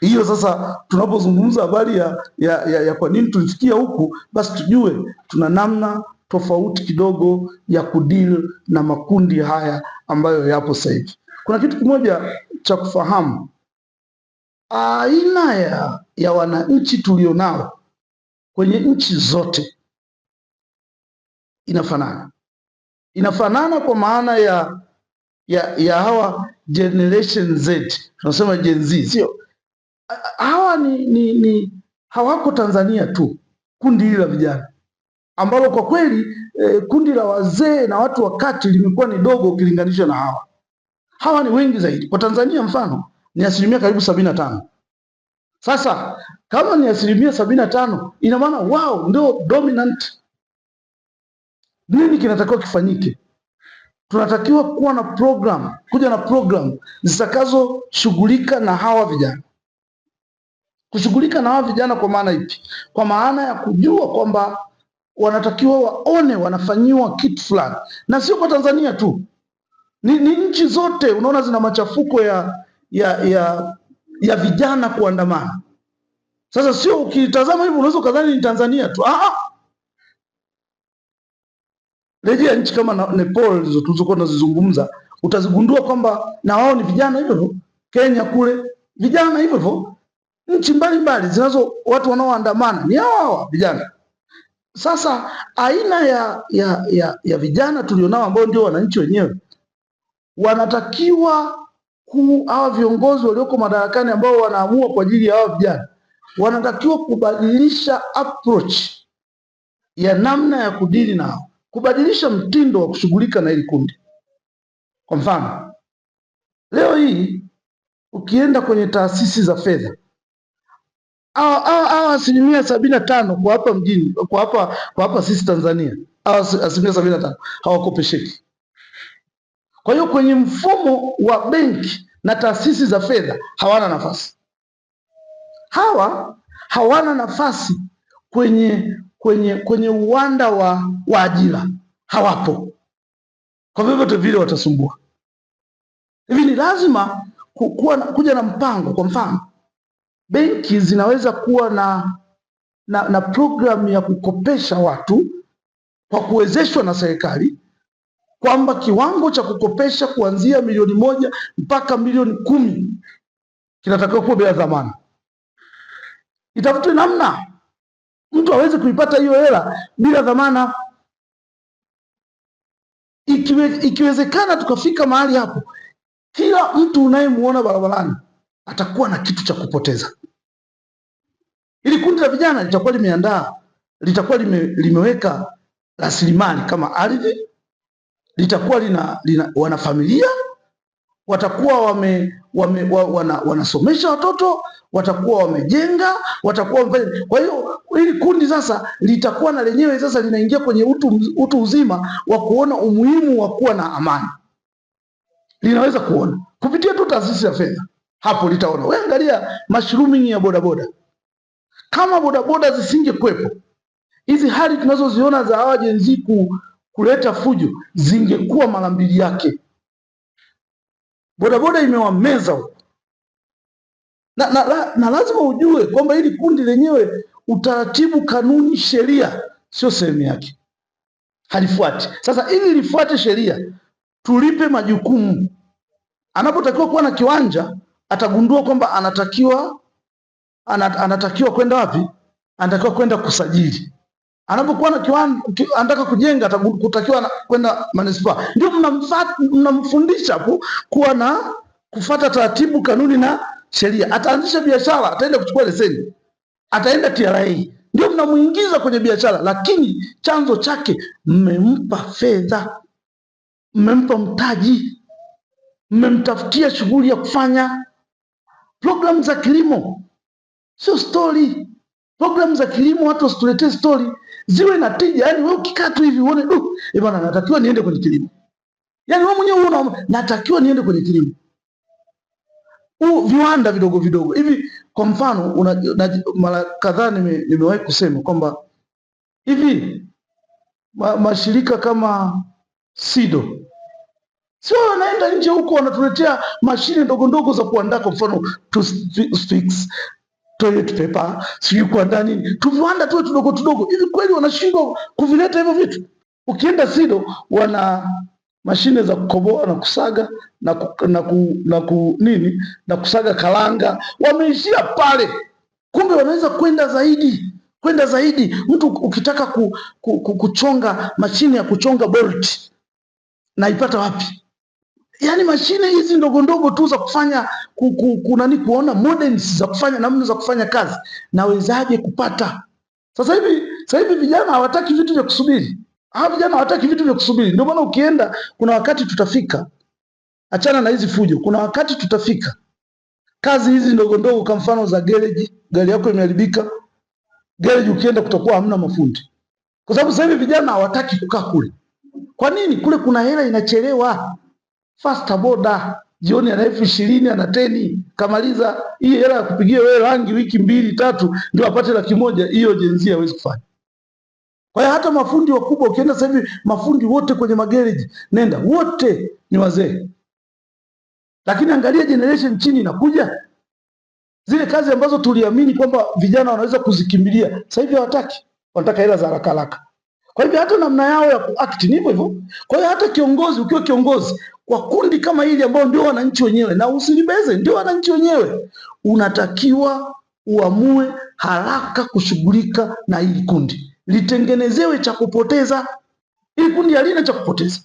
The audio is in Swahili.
Hiyo sasa, tunapozungumza habari ya, ya, ya, ya kwa nini tulifikia huku, basi tujue tuna namna tofauti kidogo ya kudeal na makundi haya ambayo yapo sasa hivi. Kuna kitu kimoja cha kufahamu, aina ya, ya wananchi tulionao kwenye nchi zote inafanana, inafanana kwa maana ya ya, ya hawa generation Z tunasema Gen Z, sio hawa ni, ni, ni hawako Tanzania tu, kundi hili la vijana ambalo kwa kweli eh, kundi la wazee na watu wa kati limekuwa ni dogo ukilinganisha na hawa. Hawa ni wengi zaidi kwa Tanzania, mfano ni asilimia karibu sabini na tano. Sasa kama ni asilimia sabini na tano, ina maana wao ndio dominant. Nini kinatakiwa kifanyike? Tunatakiwa kuwa na program, kuja na program zitakazoshughulika na hawa vijana kushughulika na hao vijana kwa maana ipi? Kwa maana ya kujua kwamba wanatakiwa waone wanafanyiwa kitu fulani, na sio kwa Tanzania tu, ni, ni nchi zote unaona zina machafuko ya ya ya, ya vijana kuandamana. Sasa sio ukitazama hivyo unaweza ukadhani ni Tanzania tu. Ah, ah. rejea nchi kama na Nepal tulizokuwa tunazizungumza, utazigundua kwamba na wao ni vijana hivyo hivyo. Kenya kule vijana hivyo hivyo nchi mbalimbali zinazo watu wanaoandamana ni hawa hawa vijana. Sasa aina ya ya ya, ya vijana tulionao ambao ndio wananchi wenyewe wanatakiwa ku hawa viongozi walioko madarakani ambao wanaamua kwa ajili ya hawa vijana wanatakiwa kubadilisha approach ya namna ya kudili nao, kubadilisha mtindo wa kushughulika na hili kundi. Kwa mfano, leo hii ukienda kwenye taasisi za fedha hawa asilimia sabini na tano kwa hapa mjini, kwa hapa kwa hapa sisi Tanzania, hawa asilimia sabini na tano hawakopesheki. Kwa hiyo kwenye mfumo wa benki na taasisi za fedha hawana nafasi, hawa hawana nafasi kwenye kwenye kwenye uwanda wa, wa ajira hawapo, kwa vyovyote vile watasumbua. Hivi ni lazima kuja na mpango. Kwa mfano benki zinaweza kuwa na, na, na programu ya kukopesha watu kwa kuwezeshwa na serikali kwamba kiwango cha kukopesha kuanzia milioni moja mpaka milioni kumi kinatakiwa kuwa bila dhamana. Itafutwe namna mtu aweze kuipata hiyo hela bila dhamana. Ikiwe, ikiwezekana tukafika mahali hapo, kila mtu unayemuona barabarani atakuwa na kitu cha kupoteza. Ili kundi la vijana litakuwa limeandaa, litakuwa lime, limeweka rasilimali kama ardhi, litakuwa lina, lina wanafamilia, watakuwa wame, wame, wana, wanasomesha watoto, watakuwa wamejenga, watakuwa wamefanya. Kwa hiyo ili kundi sasa litakuwa na lenyewe sasa linaingia kwenye utu, utu uzima wa kuona umuhimu wa kuwa na amani, linaweza kuona kupitia tu taasisi ya fedha hapo litaona. Wewe angalia mushrooming ya bodaboda, kama bodaboda zisingekwepo hizi hali tunazoziona za hawa jenzi kuleta fujo, zingekuwa mara mbili yake. Bodaboda imewameza huko na, na, na, na lazima ujue kwamba hili kundi lenyewe utaratibu, kanuni, sheria sio sehemu yake, halifuati. Sasa ili lifuate sheria, tulipe majukumu. Anapotakiwa kuwa na kiwanja atagundua kwamba anatakiwa anatakiwa kwenda wapi? Anatakiwa kwenda kusajili. Anapokuwa na kiwanda, anataka kujenga, atakutakiwa kwenda manispa. Ndio mnamfundisha hapo kuwa na kufata taratibu, kanuni na sheria. Ataanzisha biashara, ataenda kuchukua leseni, ataenda TRA, ndio mnamuingiza kwenye biashara, lakini chanzo chake mmempa fedha, mmempa mtaji, mmemtafutia shughuli ya kufanya. Programu za kilimo sio stori. Programu za kilimo watu wasituletee stori, ziwe na tija. Yani wewe ukikaa tu hivi uone du, eh bwana, natakiwa niende kwenye kilimo. Yani wewe mwenyewe unaona natakiwa niende kwenye kilimo. U, viwanda vidogo vidogo hivi, kwa mfano, mara kadhaa nime, nimewahi kusema kwamba hivi ma, mashirika kama SIDO Sio wanaenda nje huko wanatuletea mashine ndogo ndogo za kuandaa, kwa mfano toothpicks, toilet paper, sijui kuandaa nini, tuviwanda tuwe tudogo tudogo. Hivi kweli wanashindwa kuvileta hivyo vitu? Ukienda SIDO wana mashine za kukoboa na kusaga na ku, na, ku, na ku, nini na kusaga karanga, wameishia pale. Kumbe wanaweza kwenda zaidi, kwenda zaidi. Mtu ukitaka ku, ku, ku, kuchonga mashine ya kuchonga bolt naipata wapi? yani mashine hizi ndogo ndogo tu za kufanya ku, ku, kunani kuona models za kufanya namna za kufanya kazi, nawezaje kupata? Sasa hivi sasa hivi vijana hawataki vitu vya kusubiri, hawa vijana hawataki vitu vya kusubiri. Ndio maana ukienda, kuna wakati tutafika, achana na hizi fujo, kuna wakati tutafika. Kazi hizi ndogo ndogo, kwa mfano za gereji, gari yako imeharibika gereji, ukienda kutakuwa hamna mafundi, kwa sababu sasa hivi vijana hawataki kukaa kule. Kwa nini? Kule kuna hela inachelewa fasta boda jioni ana elfu ishirini ana teni kamaliza hii hela ya kupigia wewe rangi wiki mbili tatu ndio apate laki moja. Hiyo jenzi hawezi kufanya. Kwa hiyo hata mafundi wakubwa, ukienda sasa hivi mafundi wote kwenye magereji, nenda wote ni wazee, lakini angalia generation chini inakuja, zile kazi ambazo tuliamini kwamba vijana wanaweza kuzikimbilia, sasa hivi hawataki, wanataka hela za haraka haraka. Kwa hivyo hata namna yao ya kuact ni hivyo hivyo. Kwa hiyo hata kiongozi ukiwa kiongozi kwa kundi kama hili ambao ndio wananchi wenyewe, na usilibeze, ndio wananchi wenyewe, unatakiwa uamue haraka kushughulika na hili kundi, litengenezewe cha kupoteza. Hili kundi halina cha kupoteza,